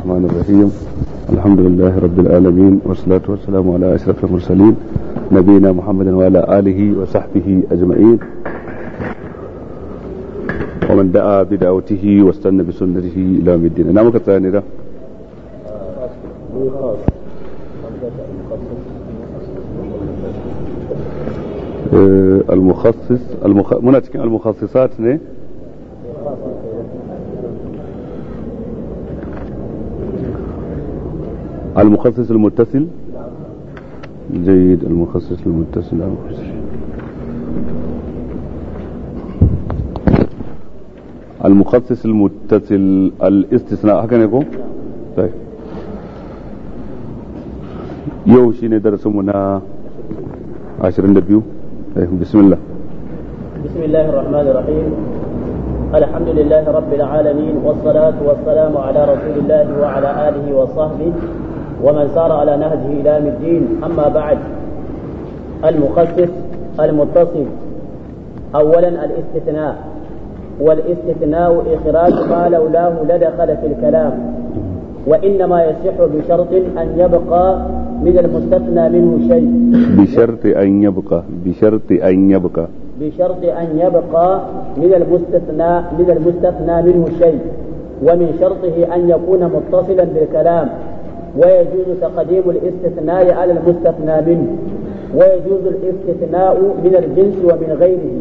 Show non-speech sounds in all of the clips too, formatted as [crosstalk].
الرحمن الرحيم الحمد لله رب العالمين والصلاة والسلام على أشرف المرسلين نبينا محمد وعلى آله وصحبه أجمعين ومن دعا بدعوته واستنى بسنته إلى يوم الدين نعم كتاني ده آه، المخصص المخ... المخصصات نه المخصص المتصل جيد المخصص المتصل المخصص المتصل الاستثناء هكذا يكون طيب yau عشرين darasinmu طيب بسم الله بسم الله الرحمن الرحيم الحمد لله رب العالمين والصلاة والسلام على رسول الله وعلى آله وصحبه ومن سار على نهجه إلى يوم الدين أما بعد المخصص المتصل أولا الاستثناء والاستثناء إخراج ما لولاه لدخل في الكلام وإنما يصح بشرط أن يبقى من المستثنى منه شيء بشرط أن يبقى بشرط أن يبقى بشرط أن يبقى من المستثنى من المستثنى منه شيء ومن شرطه أن يكون متصلا بالكلام ويجوز تقديم الاستثناء على المستثنى منه ويجوز الاستثناء من الجنس ومن غيره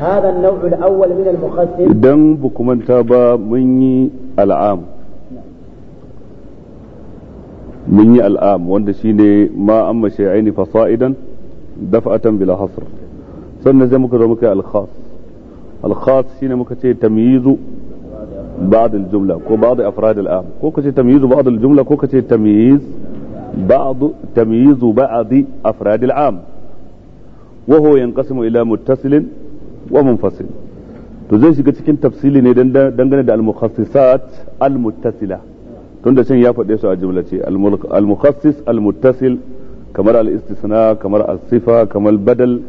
هذا النوع الأول من المخسر دم بكم تابا مني العام مني العام وند شيني ما أما شيعيني فصائدا دفعة بلا حصر سنة زي muka الخاص الخاص شيني alkhas shine ba'd jumla ko ba'd afrad al ko kace tamyizu ba'd al-jumla ko kace tamyiz ba'd tamyizu ba'd afrad al-am wa huwa yanqasimu ila muttasilin wa munfasil to zai shiga cikin tafsili ne dangane da al almutasila al-muttasila tunda ya faɗe su a jumlace al-mukhassis kamar al-istisna kamar al-sifa kamar badal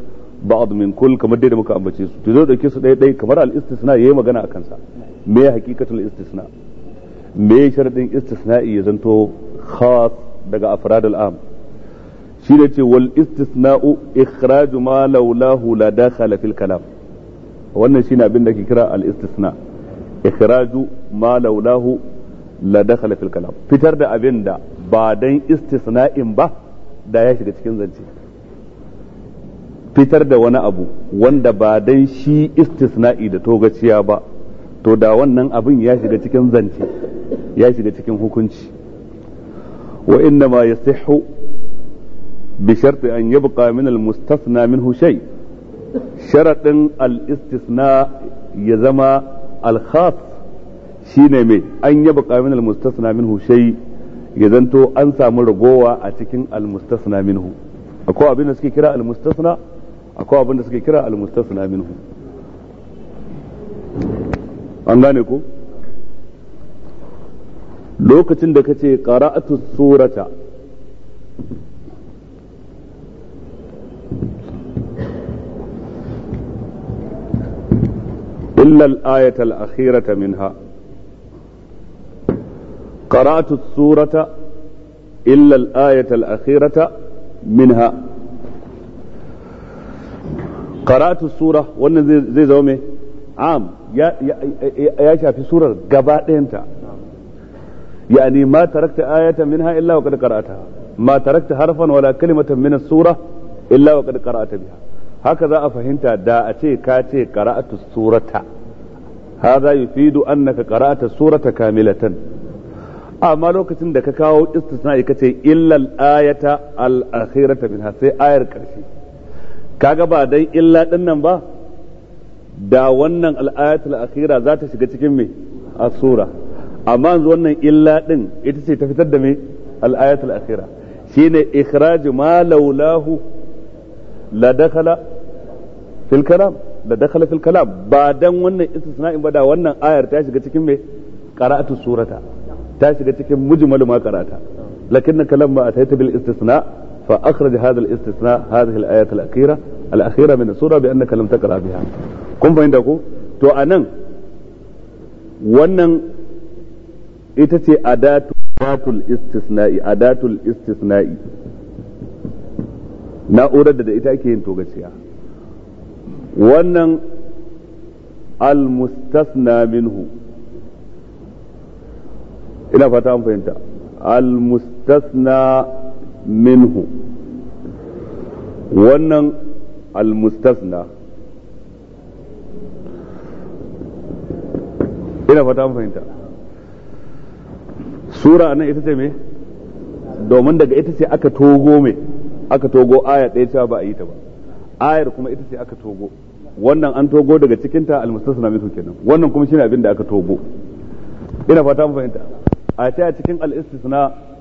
ba'd min kull kamar dai da muka ambace su to zai dauke su dai dai kamar al-istisna yayi magana a kansa me hakikatul istisna me sharadin istisna'i ya zanto khas daga afrad al-am shi ne ce wal istisna'u ikhraju ma laulahu la dakhala fil kalam wannan shine abin da ke kira al istisna ikhraju ma laulahu la dakhala fil kalam fitar da abin da ba dan istisna'in ba da ya shiga cikin zance fitar da wani abu wanda ba dan shi istisna'i da togaciya ba to da wannan abin ya shiga cikin zance ya shiga cikin hukunci wa inna ma yasihhu bi sharti an yabqa min al mustafna minhu shay sharadin al istisna ya zama al shi shine mai an yabqa min al mustafna minhu shay ya zanto an samu ragowa a cikin al mustafna minhu akwai abin da suke kira al mustafna akwai abin da suke kira almustafina minhu an gane ko lokacin da kace qara'atu surata illa al-ayata al-akhirata minha qara'atu surata illa al-ayata al-akhirata minha qara'atu sura wannan zai zama mai am ya shafi surar gaba ɗayanta yani ma tarakta ayatan minha illa wa qad qara'ataha ma tarakta harfan wala kalimatan min as-sura illa wa qad qara'ata biha haka za a fahimta da a ce ka ce qara'atu surata hadha yufidu annaka qara'ata surata kamilatan amma lokacin da ka kawo istisna'i kace illa al-ayata al-akhirata minha sai ayar karshe kaga ba dan illa dinnan nan ba da wannan al'ayatul akhira za ta shiga cikin me asura amma yanzu wannan illa din ita ce ta fitar da me al'ayatul akhira shine ikhraj ma laulahu la dakhala fil kalam la dakhala fil kalam ba dan wannan istisna'in ba da wannan ayar ta shiga cikin me qara'atu surata ta shiga cikin mujmalu ma qara'ata lakinna kalam ba ataita bil istisna' فأخرج هذا الاستثناء هذه الآية الأخيرة الأخيرة من السورة بأنك لم تقرأ بها kun fahimta ko to a nan wannan ita ce adatul istisna'i adatul istisna'i na'urar da ita ake yin togaciya wannan almustasna minhu ina fata fahimta almustasna minhu wannan almustasna ina fata mun fahimta sura nan ita ce me domin daga ita ce aka togo me aka togo aya ɗaya cewa ba a yi ta ba ayar kuma ita ce aka togo wannan an togo daga cikinta almustasna minhu kenan wannan kuma shine abin da aka togo ina fata mun fahimta a ta cikin al-istisna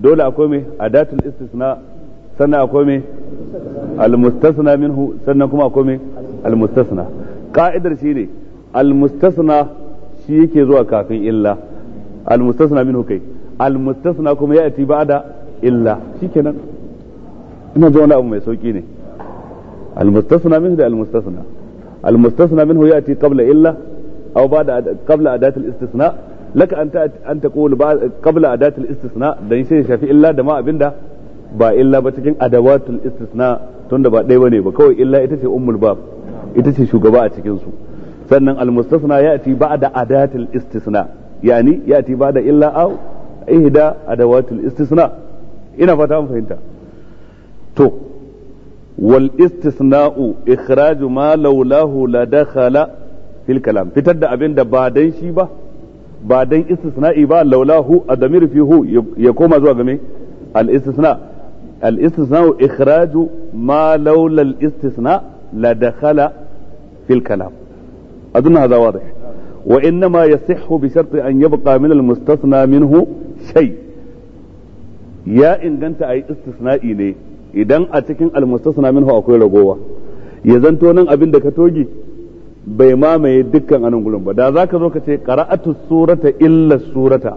dole akwai mai adatul istisna sannan akwai mai almustasna minhu sannan kuma akwai mai almustasna ka'idar shi ne almustasna shi yake zuwa kafin illa almustasna minhu kai almustasna kuma ya ati ba'da illa shi nan ina zuwa wani abu mai sauki ne almustasna minhu da almustasna almustasna minhu ya ati qabla illa aw ba'da qabla adatul istisna laka anta an taqulu qabla adatul istisna dan sai shafi illa da ma abinda ba illa ba cikin adawatul istisna tunda ba ɗaya bane ba kawai illa ita ce ummul bab ita ce shugaba a cikin su sannan al mustasna ya'ti ba'da adatul istisna yani ya'ti ba'da illa aw ihda adawatul istisna ina fata an fahimta to wal istisna'u ikhraju ma laulahu la dakhala fil kalam fitar da abin da ba dan shi ba ba dan istisna'i ba laulahu adamir fi hu ya koma zuwa game al istisna al istisna ikhraju ma laula al istisna la dakhala fil kalam wa inna ma yasihhu bi shart an yabqa min al منه minhu shay ya inganta ay istisna'i ne idan a cikin almustasna minhu akwai ragowa ya zanto nan abin da ka toge bai mamaye dukkan anan gurin ba da za ka zo ka ce qara'atu surata illa surata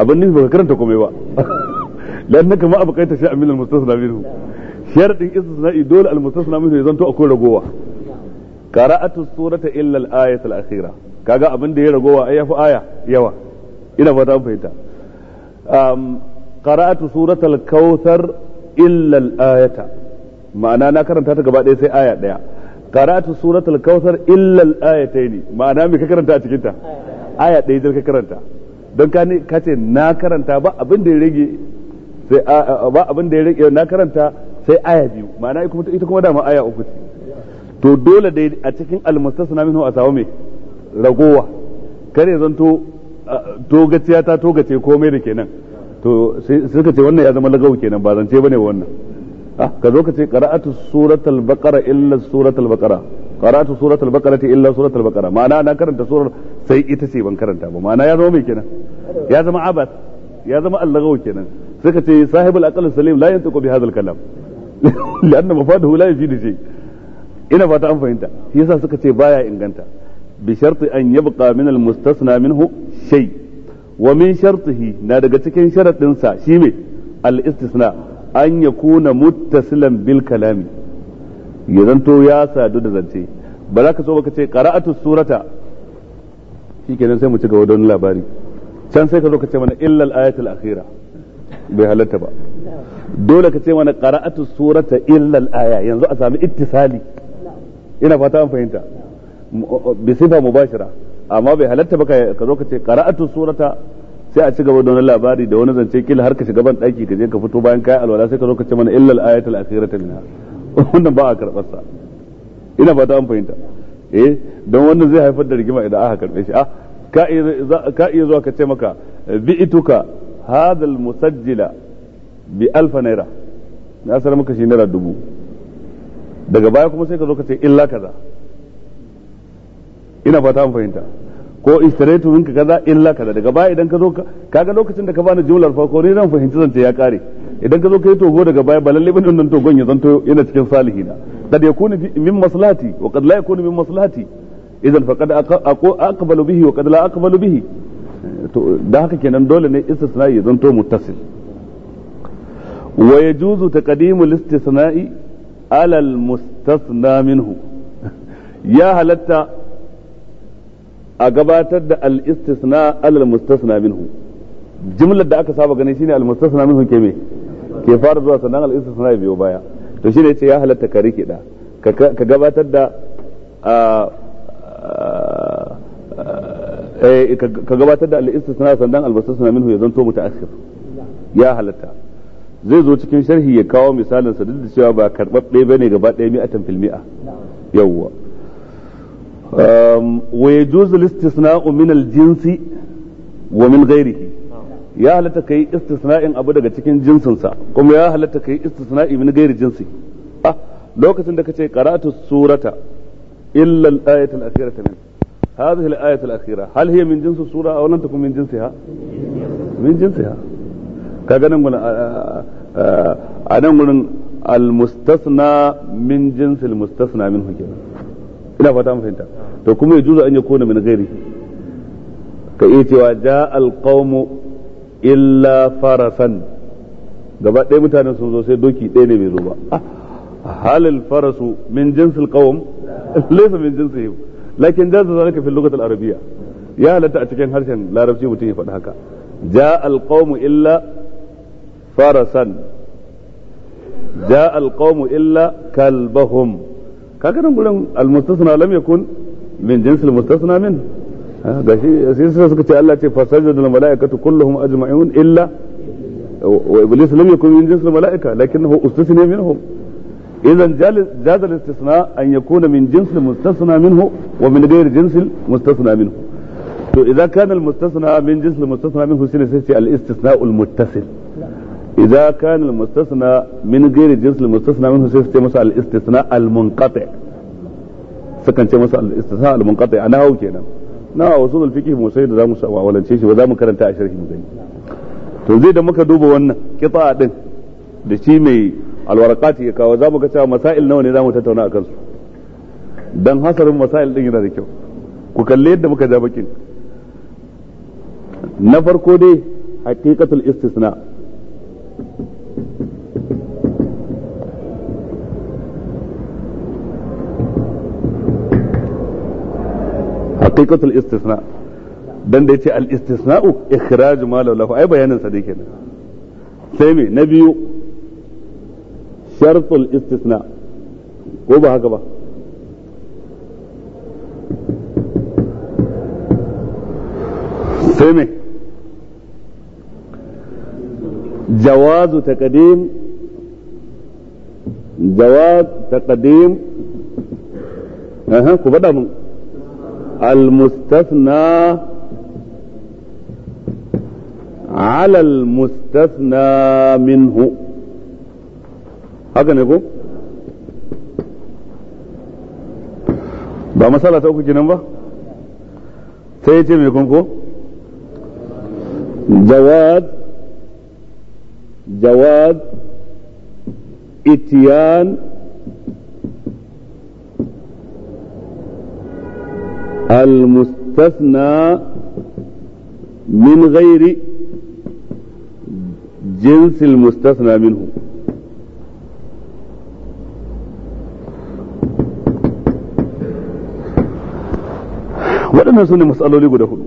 abin nufi baka karanta komai ba naka [laughs] ma abukaita shi amin mustasna minhu sharadin istisna'i dole al-mustasna minhu ya zanto akwai ragowa qara'atu surata illa al-ayat al-akhira kaga abin da ya ragowa ai yafi aya yawa ina fata an fahimta um qara'atu surata al-kautsar illa al-ayata ma'ana na karanta ta gaba ɗaya sai aya ɗaya qara'atu suratul kautsar illa al-ayatayn ma'ana me ka karanta a cikin ta aya ɗaya jar ka karanta don ka ka ce na karanta ba abin da ya rage sai ba abin da ya rage na karanta sai aya biyu ma'ana ita kuma dama aya uku ce to dole dai a cikin almustasna minhu a samu me ragowa kare zanto togaciya ta togace komai da kenan to sai suka ce wannan ya zama lagau kenan ba zance bane wannan ah ka zo ka ce qara'atu suratul baqara illa suratul baqara qara'atu suratul baqara illa suratul baqara ma'ana na karanta surar sai ita ce ban karanta ba ma'ana ya zama mai kenan ya zama abas ya zama allagaw kenan sai ka ce sahibul aqal salim la yantiqu bi hadha kalam lanna [laughs] mafadahu la yajidu shay ina fata an fahimta shi yasa suka ce baya inganta bi sharti an yabqa min al mustasna na daga cikin sharadin shi me al istisna an ya kuna muttasilan bil kalami ya zanto ya sadu da zance ba za ka so baka ce qara'atu surata Shi kenan sai mu ci gaba da wani labari can sai ka zo ka ce mana illal ayatul akhira bai halatta ba dole ka ce mana qara'atu surata illal aya yanzu a sami ittisali ina fata an fahimta bi sifa mubashira amma bai halatta ba ka zo ka ce qara'atu surata sai a ci gaba da wani labari da wani zance kila har ka shiga ban daki ka je ka fito bayan kai alwala sai ka zo ka ce mana illal ayatul akhirata minha [laughs] wannan ba a karbar sa ina fata an fahimta eh don wannan zai haifar da rigima idan aka karbe shi ah, a ka iya zuwa ka ce maka bi'ituka hadal musajjila bi alfa naira na sanar maka shi naira dubu daga baya kuma sai ka zo ka ce illa kaza ina fata an fahimta ko istiratu minka kaza illa kaza daga baya idan ka zo kaga lokacin da ka bani jumlar farko ni zan fahimci zance ya kare idan ka zo kai togo daga baya ba lalle bane nan togon ya zanto yana cikin salihi salihina kad yakunu min maslahati wa kad la yakunu min maslahati idan faqad aqbalu bihi wa kad la aqbalu bihi to da haka kenan dole ne istisna'i ya zanto muttasil wa yajuzu taqdimu al-istisna'i ala al-mustasna minhu [laughs] ya halatta a gabatar da al-istisna alal mustasna minhu jumlar da aka saba gani shine al-mustasna minhu ke me ke fara zuwa sannan al-istisna biyo baya to shine yace ya halatta ka rike da ka gabatar da eh, ka gabatar da al-istisna sannan al-mustasna minhu ya zanto mutaakhir ya halatta zai zo cikin sharhi ya kawo misalin sa duk da cewa ba karbabbe bane gaba daya mi'atan fil mi'a yawwa wa yajuzu al-istisna'u min al-jinsi wa min ghayrihi ya halatta kai istisna'in abu daga cikin jinsinsa kuma ya halatta kai istisna'i min gairi jinsi ah lokacin da kace qara'atu surata illa al-ayat al-akhirata min hadhihi al-ayat al-akhira hal hiya min jinsi sura aw lam takun min jinsiha min jinsiha kaga nan gurin a nan gurin al-mustasna min jinsi al-mustasna min kenan ina fata mu fahimta to kuma ya juzu an ya kona min gairi ka iya cewa ja alqawmu illa farasan gaba ɗaya mutanen sun zo sai doki ɗaya ne bai zo ba halil farasu min jinsil qawm laysa min jinsihim lakin jaza zalika fil lughati al-arabiyya ya halatta a cikin harshen larabci mutum ya faɗi haka ja alqawmu illa farasan ja alqawmu illa kalbahum kaga nan gurin almustasna lam yakun min jins almustasna min gashi sai sai suka ce Allah ce fasajadu almalaikatu kulluhum ajma'un illa wa iblis lam yakun min jins almalaika lakinnahu ustasna minhum idan jaza al-istisna an yakuna min jins almustasna minhu wa min ghairi jins almustasna minhu to idan kana almustasna min jins almustasna minhu sai sai al-istisna almuttasil idza كان المستثنى من غير الجنس المستثنى منه mustasna minhu masa al istisna al munqati sukan ce masa al istisna al munqati a nahawu kenan na wasu al fiqh mu da zamu sawa walance shi ba karanta a gani to zai da muka duba wannan qita din da shi mai alwarakati ya kawo zamu ga cewa masail nawa ne zamu tattauna akan su dan hasarin masail din yana da kyau ku kalle yadda muka ja na farko dai haqiqatul istisna haqiqatul istisna dan da yace al istisna'u ikhraj ma law lahu ai bayanin sa dai kenan sai me na biyu shartul istisna ko ba haka ba sai me جواز تقديم جواز تقديم ku bada mun. المستثنى على المستثنى منه haka ne ko ba masala ta uku kenan ba ta yi ce mai kunko jawad jawad itiyan المستثنى من غير جنس المستثنى منه waɗannan su ne matsaloli guda hudu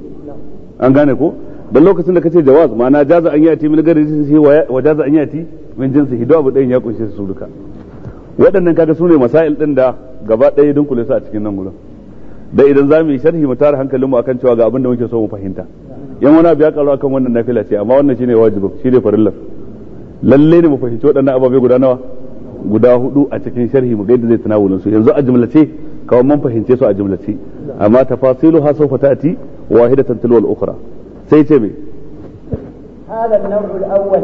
an gane ko don lokacin da kace jawaz ma'ana jaza an yati min gari shi wa jaza an yati min jinsi hidu abu ɗayan ya kunshi su duka waɗannan kaga su ne masail ɗin da gaba ɗaya dunkule su a cikin nan gurin da idan za mu yi sharhi mu tara hankalinmu akan cewa ga abin da muke so mu fahimta yan wani abu ya karu akan wannan nafila ce amma wannan shine wajibin shine farillar lalle ne mu fahimci waɗannan ababe guda nawa guda hudu a cikin sharhi mu ga yadda zai tunawulin su yanzu a jumlace kawai mun fahimce su a jumlace amma tafasilu ha sawfa ta'ti wahidatan tilwa al-ukhra sai ce me هذا النوع الأول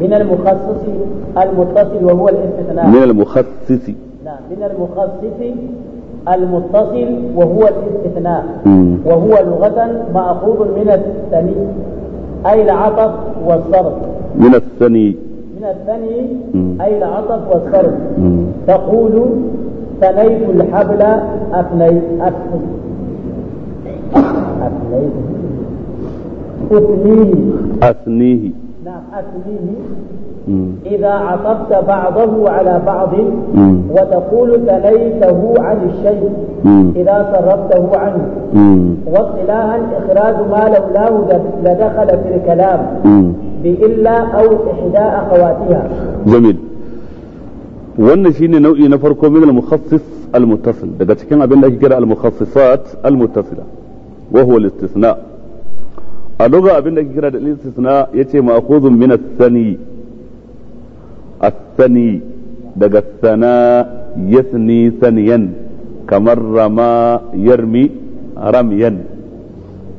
من المخصص المتصل وهو الاستثناء من المخصص نعم من المخصص المتصل وهو الاستثناء وهو لغة مأخوذ من الثني أي العطف والصرف من الثني من الثني أي العطف والصرف تقول ثنيت الحبل أثنيت أثنيت أثنيه أثنيه نعم أثنيه إذا عطفت بعضه على بعض وتقول تليته عن الشيء إذا صرفته عنه واصطلاحا إخراج ما لولاه لدخل في الكلام بإلا أو إحدى أخواتها جميل wannan shine nau'i na farko min al-mukhassis al-muttasil daga cikin abin da ake kira al-mukhassisat al-muttasila wa huwa al-istithna a lugha abin da ake kira da al-istithna yace ma'khuzun min ath-thani asani sani daga sana yasni saniyan kamar rama yarmi ramyan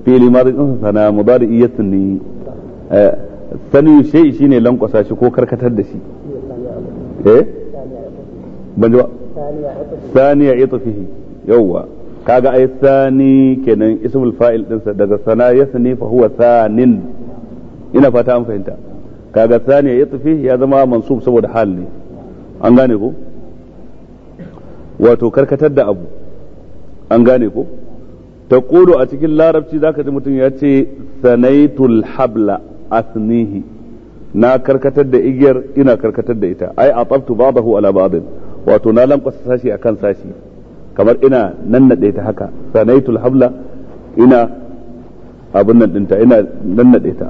fili ma zai sana mudari yasni sani shi shine lankwasa shi ko karkatar da shi eh ban ji ba saniya itfihi kaga ai sani kenan ismul fa'il dinsa daga sana yasni fa huwa sanin ina fata an fahimta kaga saniya ya tafi ya zama mansub saboda hal ne an gane ko wato karkatar da abu an gane ko ta a cikin larabci zaka ji mutum ya ce sanaitul habla asnihi na karkatar da igiyar ina karkatar da ita ai ataftu ba'dahu ala ba'd wato na lankwasa sashi akan sashi kamar ina nannade ta haka sanaitul habla ina abin nan dinta ina nannade ta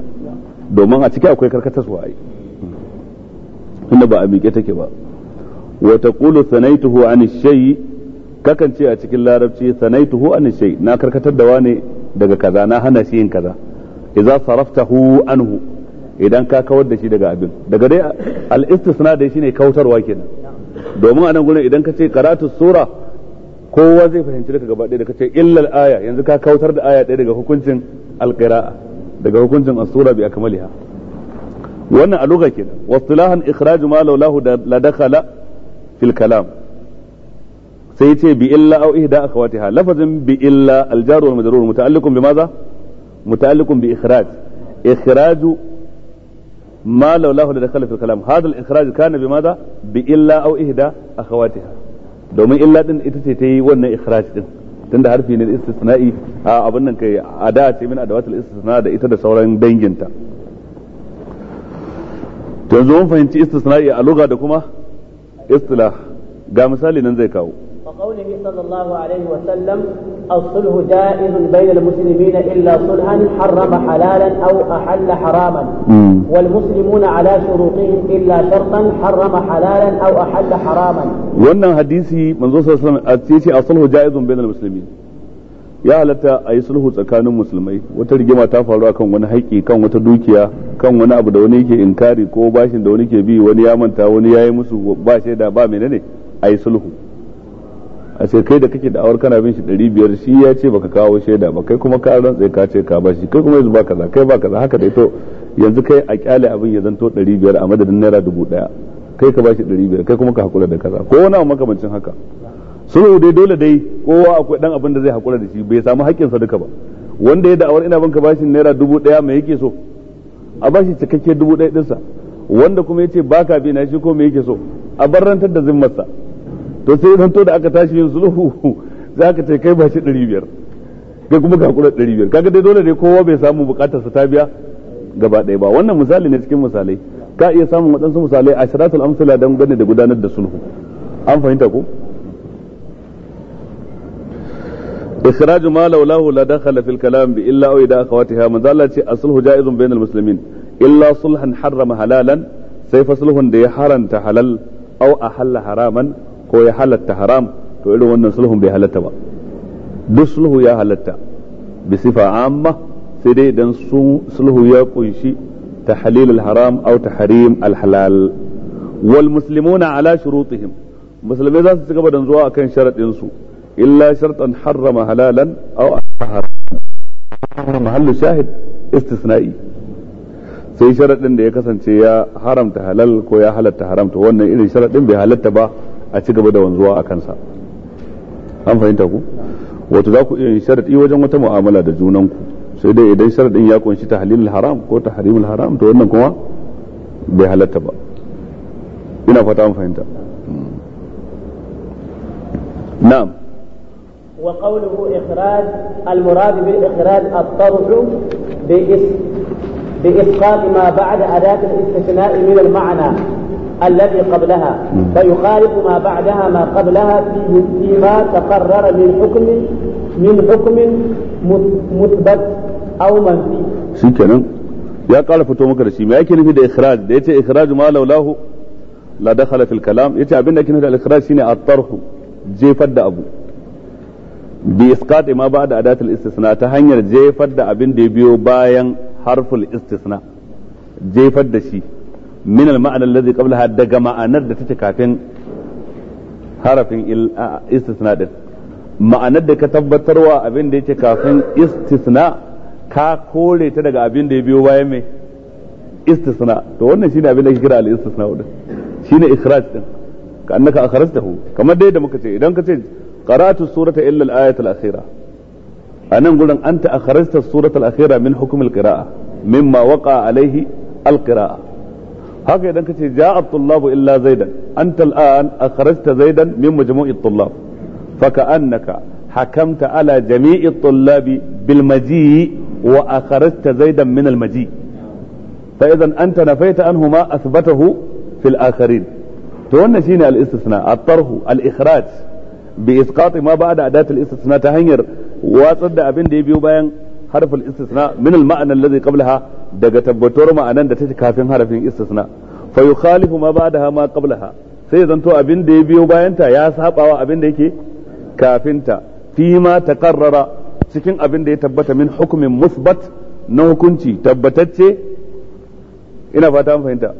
domin a ciki akwai karkatarwa ai tunda ba a miƙe take ba wa taqulu sanaituhu an shay kakan ce a cikin larabci sanaituhu an shay na karkatar da wane daga kaza na hana shi yin kaza idza saraftahu anhu idan ka kawar da shi daga abin daga dai al istisna dai shine kautarwa kenan domin a nan gurin idan ka ce karatu sura kowa zai fahimci daga gaba ɗaya da ka ce illal aya yanzu ka kautar da aya ɗaya daga hukuncin alqira'a daga hukuncin as-sura bi akmaliha wannan a lugha kenan wastilahan ikhraj ma law lahu la dakhala fil kalam sai yace bi illa aw ihda akhawatiha lafazin bi illa al-jar wal majrur muta'alliqun bi madha muta'alliqun bi ikhraj ikhraj ما لو له لدخل في الكلام هذا الإخراج كان بماذا بإلا أو إهدى أخواتها دومي إلا إن إتتي wannan إخراج din tunda harfi ne istisna'i a abin nan kai ada ce min adawatul istisna da ita da sauran danginta to yanzu mun fahimci istisna'i a lugha da kuma istilah ga misali nan zai kawo وقوله صلى الله عليه وسلم الصلح جائز بين المسلمين إلا صلحا حرم حلالا أو أحل حراما والمسلمون على شروطهم إلا شرطا حرم حلالا أو أحل حراما وأن حديثي من صلى الله عليه وسلم الصلح جائز بين المسلمين ya halatta a yi sulhu tsakanin musulmai wata rigima ta faru a kan wani haƙƙi kan wata dukiya kan wani abu da wani yake inkari ko bashin da wani ke bi wani ya manta wani ya yi musu ba ba menene a yi sulhu a ce kai da kake da'awar kana bin shi ɗari biyar shi ya ce baka kawo shaida ba kai kuma ka rantse ka ce ka ba shi kai kuma yanzu ba kaza kai ba kaza haka dai to yanzu kai a kyale abin ya zanto ɗari biyar a madadin naira dubu ɗaya kai ka ba shi ɗari biyar kai kuma ka hakura da kaza ko wani abu makamancin haka sulhu dai dole dai kowa akwai dan abin da zai hakura da shi bai samu haƙƙinsa duka ba wanda ya da'awar ina banka shi naira dubu ɗaya mai yake so a shi cikakke dubu ɗaya ɗinsa wanda kuma ya ce ka bi na shi ko mai yake so a barrantar da zimmarsa to sai zan to da aka tashi yin sulhu za ka ce kai ba shi ɗari biyar kai kuma ka kura ɗari biyar kaga dai dole ne kowa bai samu bukatar sa ta biya gaba ɗaya ba wannan misali ne cikin misalai ka iya samun waɗansu misalai a shiratul amsala don gane da gudanar da sulhu an fahimta ko إخراج ما لولاه لا دخل في الكلام إلا أو إذا أخواتها من ذلك الصلح جائز بين المسلمين إلا صلحا حرم حلالا سيف صلح دي حرم تحلل أو أحل حراما ko ya halatta haram to irin wannan sulhun bai halatta ba duk sulhu ya halatta bi sifa amma sai dai idan sulhu ya kunshi ta al-haram au ta al-halal wal muslimuna ala shurutihim musulmai za su ci gaba da zuwa akan sharadin su illa shartan harrama halalan aw harrama mahallu shahid istisna'i sai sharadin da ya kasance ya haramta halal ko ya halatta haramta wannan irin sharadin bai halatta ba a ci gaba da wanzuwa a kansa an fahimta ku wato za ku iya yin sharadi wajen wata mu'amala da junanku sai dai idan sharadin ya kunshi tahlilul haram ko tahrimul haram to wannan kuma bai halatta ba ina fata an fahimta na'am wa qawluhu al murad bil وقوله إخراج bi بالإخراج ma ba'da adat al istithna min al ma'na الذي قبلها فيخالف ما بعدها ما قبلها فيه فيما تقرر من حكم من حكم مثبت او منفي. كلام يا قال فتو مكرشي ما يكن في الاخراج ديت اخراج ما لو له لا دخل في الكلام يتي ابن لكن الاخراج سيني الطرح جيفد ابو باسقاط ما بعد اداه الاستثناء تهنير جيفد ابن دي بيو باين حرف الاستثناء جيفد شي min المعنى الذي قبلها دغما daga ma'anar da take kafin harafin istisna din ma'anar da ka tabbatarwa abin da yake kafin istisna ka kore ta daga abin da ya biyo bayan mai istisna to wannan shine abin da ake kira al-istisna din shine ikhraj din ka annaka akhrajtahu kamar dai da muka ce idan ka ce qara'atu surata illa al-ayat al-akhira anan gurin anta akhrajta surata al-akhira min hukm al-qira'a mimma waqa alayhi al-qira'a haka idan ka ce ja tullabu illa zaidan anta al akhrajta zaidan min majmu'i at-tullab faka'annaka hakamta ala jami'i at-tullabi bil maji wa akhrajta zaidan min al-maji fa idan anta nafaita anhuma athbatahu fil akharin to wannan shine al-istisna at-tarhu al-ikhraj bi isqati ma ba'da adat al-istisna ta hanyar watsar da abin da ya biyo bayan harful istisna min al ma'ana alladhi qablaha daga tabbatuwar ma'anan da take kafin harafin istisna fa yukhalifu ma ba'daha ma qablaha sai zanto abin da ya biyo bayanta ya sabawa abin da yake kafinta fi ma taqarrara cikin abin da ya tabbata min hukumin musbat na hukunci tabbatacce ina fata an fahimta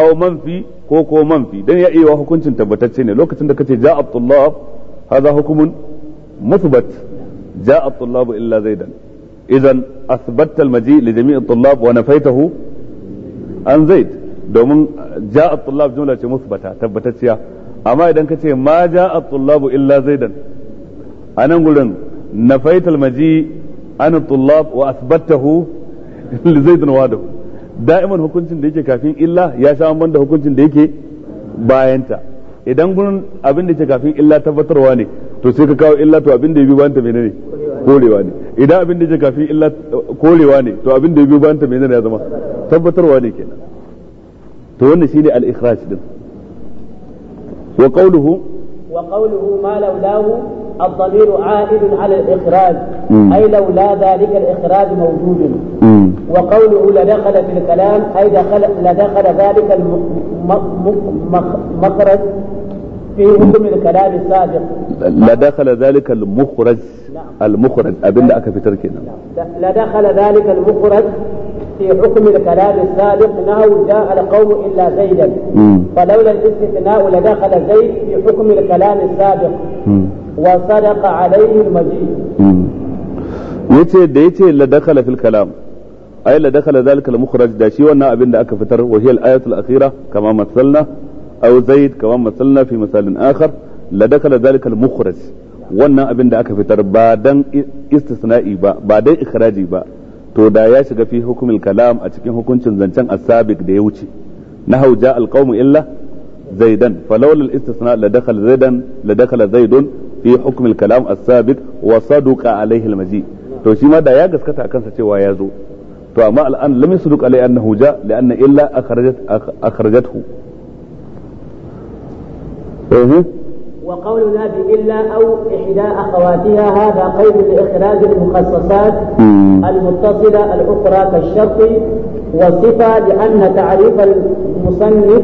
aw manfi ko ko manfi dan ya iya hukuncin tabbatacce ne lokacin da kace ja Abdullah hadha hukumun musbat ja Abdullah illa zaidan idan asbatta almaji li jami'i at-tullab wa nafaitahu an zaid domin ja'a at-tullab jumla ce musbata tabbatacciya amma idan ka ma ja'a at-tullab illa zaidan anan gurin nafaita almaji an at-tullab wa asbattahu li zaidan wadahu da'iman hukuncin da yake kafin illa ya sha banda hukuncin da yake bayanta idan gurin abin da yake kafin illa tabbatarwa ne to sai ka kawo illa to abin da ya bi bayanta menene ne korewa ne idan abin da jika kafi illa korewa ne to abin da ya biyo bayan ta menene ya zama tabbatarwa ne kenan to wannan shine al-ikhraj din wa qawluhu wa qawluhu ma laulahu الضمير عائد على الإخراج مم. أي لولا ذلك الإخراج موجود مم. وقوله لدخل في الكلام أي دخل لدخل ذلك المخرج في إيه، حكم الكلام السابق لدخل ذلك المخرج نعم. المخرج أبن أكا في تركنا نعم. لدخل ذلك المخرج في حكم الكلام السابق انه جاء القوم إلا زيدا فلولا الاستثناء لدخل زيد في حكم الكلام السابق وصدق عليه المجيء yace da yace la dakhala fil kalam ay la dakhala zalika al mukhraj da shi wannan abin da aka fitar wa hiya al akhira kama aw zaid kama masalna fi misalin akhar la dakala zalika wannan abin da aka fitar ba dan istisna'i ba ba dan ikhraji ba to da ya shiga fi hukumil kalam a cikin hukuncin zancen asabiq da ya wuce na ja al qawmu illa zaidan falawla al la dakala zaidan la fi hukumil kalam asabiq wa saduqa alaihi al maji to shi ma da ya gaskata akan sa cewa ya zo to amma al'an lam yasduq alai annahu ja li anna illa akhrajat وقولنا بإلا أو إحدى أخواتها هذا قيد لإخراج المخصصات المتصلة الأخرى كالشرط والصفة لأن تعريف المصنف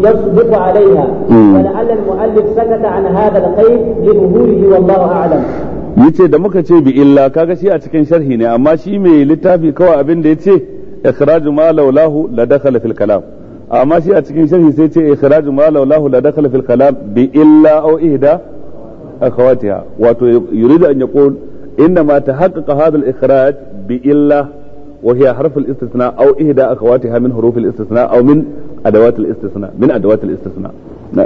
يصدق عليها ولعل المؤلف سكت عن هذا القيد لظهوره والله أعلم yace da muka ce bi illa kaga shi a cikin sharhi ne amma shi mai littafi kawai abin da yace ikhraju ma laulahu la dakhala fil amma shi a cikin sharhi sai ce ikhraju ma law lahu la dakhala fil kalam bi illa aw ihda akhawatiha wato yuridu an yaqul إنما تحقق هذا الإخراج بإلا وهي حرف الاستثناء أو إحدى أخواتها من حروف الاستثناء أو من أدوات الاستثناء من أدوات الاستثناء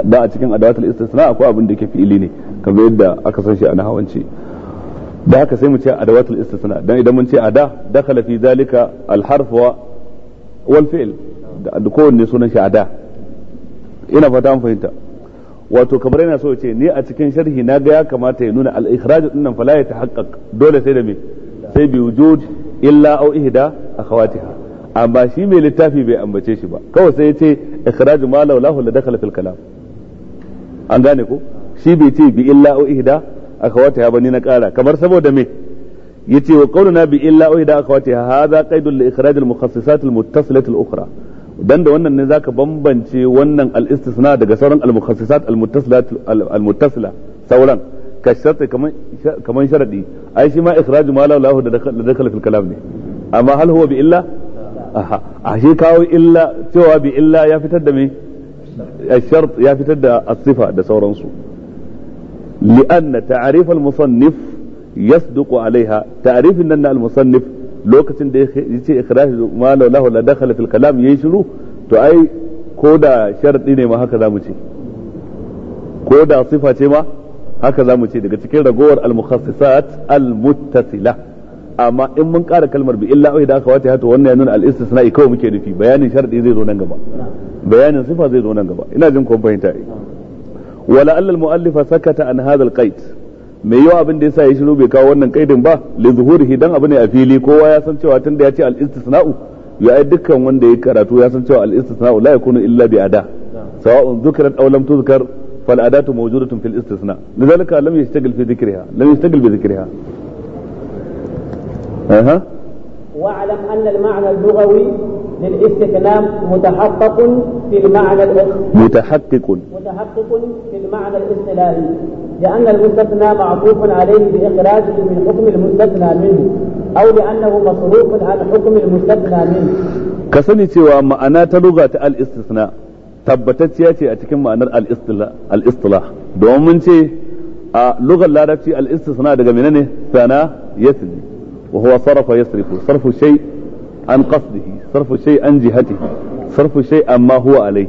da a cikin adawatul istisna akwai abin da yake fi'ili ne kamar yadda aka san shi a nahawanci da haka sai mu ce adawatul istisna dan idan mun ce ada dakhala fi zalika al harf wal fi'l da kowanne sunan shi a da ina fata an fahimta wato kamar yana so ce ni a cikin sharhi na ga ya kamata ya nuna al-ikhraj din nan fala ya tahaqqaq dole sai da me sai bi wujud illa aw ihda akhawatiha amma shi mai littafi bai ambace shi ba kawai sai ya ce ikhraj ma law lahu la dakhala fil kalam an gane ko shi bai ce bi illa aw ihda akhawatiha ba ni na kara kamar saboda me yace wa qawluna bi illa aw ihda akhawatiha hadha qaidul li ikhraj al mukhassisat al muttasilat al ukhra dan da wannan ne zaka bambance wannan al-istisna daga sauran al-mukhassisat al-muttasila sauran ka shartai kaman kaman sharadi ai shi ma ikhraju ma lahu da dakala fil kalam ne amma hal huwa bi illa a shi kawo illa cewa bi illa ya fitar da me الشرط يا فتد الصفة ده سورانسو لأن تعريف المصنف يصدق عليها تعريف أن المصنف lokacin da ya ce ma la lahu la dakhala fil kalam yayi shiru to ai ko da sharadi ne ma haka zamu ce ko da sifa ce ma haka zamu ce daga cikin ragowar al-mukhassisat al-muttasila amma in mun ƙara kalmar bi illa wai da aka wata hato wannan ya nuna al-istisna'i kawai muke nufi bayanin sharadi zai zo nan gaba bayanin sifa zai zo nan gaba ina jin kun fahimta ai wala allal mu'allifa sakata an hadha al-qaid mai yau abin da yasa ya shiru bai kawo wannan kaidin ba li zuhurihi dan abu ne a fili kowa ya san cewa tunda ya ce al istisna'u ya ai dukkan wanda ya karatu ya san cewa al istisna'u la yakunu illa bi ada sawa'un dhukrat aw lam tudhkar fal adatu mawjudatun fil istisna lidhalika lam yashtagil fi dhikriha lam yashtagil bi dhikriha aha واعلم أن المعنى اللغوي للاستسلام متحقق في المعنى الاخر متحقق متحقق في المعنى الاصطلاحي لأن المستثنى معطوف عليه بإخراجه من حكم المستثنى منه أو لأنه مصروف عن حكم المستثنى منه كسني سوى ma'ana ta lugha ta al-istisna tabbatacciya ce a cikin ma'anar al-istilah domin mun ce a lugar larabci al-istisna daga menene sana وهو صرف يصرف صرف شيء عن قصده صرف شيء عن جهته صرف شيء ما هو عليه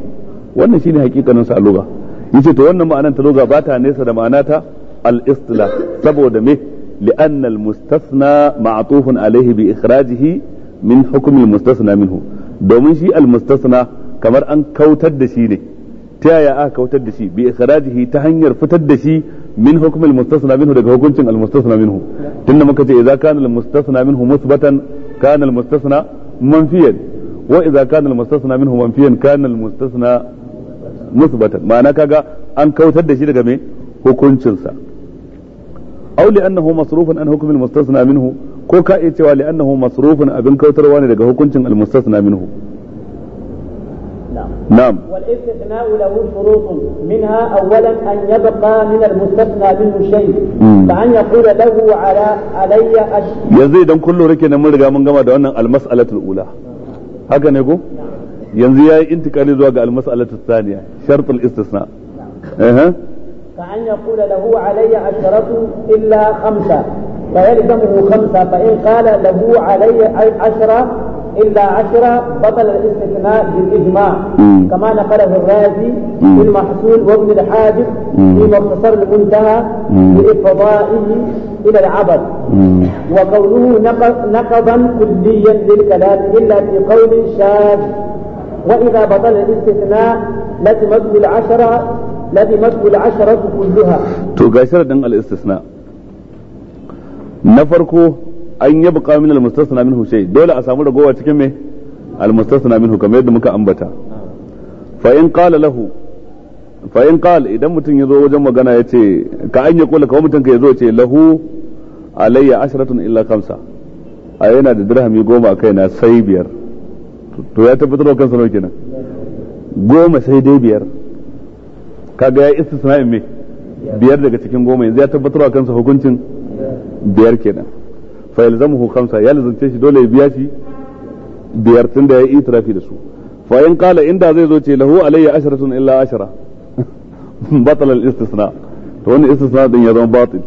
wannan shine hakikanin sa lugha yace to wannan ma'anar ta lugha ba ta nesa da ma'anata al isla saboda me li'anna al-mustasna ma'tufun alayhi bi ikhrajihi min hukm al-mustasna minhu domin shi al-mustasna kamar an kautar da shi ne ta yaya aka kautar da shi bi ikhrajihi ta hanyar fitar da shi min hukm al mustasna minhu daga hukuncin al mustasna minhu tunda muka ce idza kana al mustasna minhu musbatan kana al mustasna manfiyan wa idza kana al mustasna minhu manfiyan kana al mustasna musbatan ma'ana kaga an kautar da shi daga me hukuncinsa aw annahu masrufun an hukm al mustasna minhu ko ka iya cewa li annahu abin kautarwa ne daga hukuncin al mustasna minhu نعم والاستثناء له شروط منها اولا ان يبقى من المستثنى منه شيء فان يقول له على علي اشياء yanzu idan kullu rike ne mun riga mun gama da wannan almas'alatul ula haka ne ko yanzu yayi intikali zuwa ga almas'alatul thaniya shartul istisna eh فأن يقول له علي عشرة إلا خمسة فيلزمه خمسة فإن قال له علي عشرة إلا عشرة بطل الاستثناء بالإجماع كما نقله الرازي في المحصول وابن الحاجب في مختصر المنتهى بإفضائه إلى العبد وقوله نقضا كليا للكلام إلا في قول شاذ وإذا بطل الاستثناء لزمته العشرة لزمته العشرة كلها. تو الاستصناء. na farko an buƙa min al-mustasna minhu shay dole a samu ragowa cikin me al-mustasna minhu kamar yadda muka ambata fa in qala lahu fa in qala idan mutum yazo wajen magana yace ka an yaqula ka mutum ka yazo ce lahu alayya ashratun illa khamsa a yana da dirhami goma a kaina sai biyar to ya tabbatar da kansa nawa kenan goma sai dai biyar kaga ya istisna'in me biyar daga cikin goma yanzu ya tabbatar da kansa hukuncin biyar kenan fa yalzamuhu khamsa ya lazance shi dole ya biya shi biyar tunda ya yi itirafi da su fa in inda zai zo ce lahu alayya asharatun illa ashara [laughs] batal al istisna to wannan istisna din ya zama batil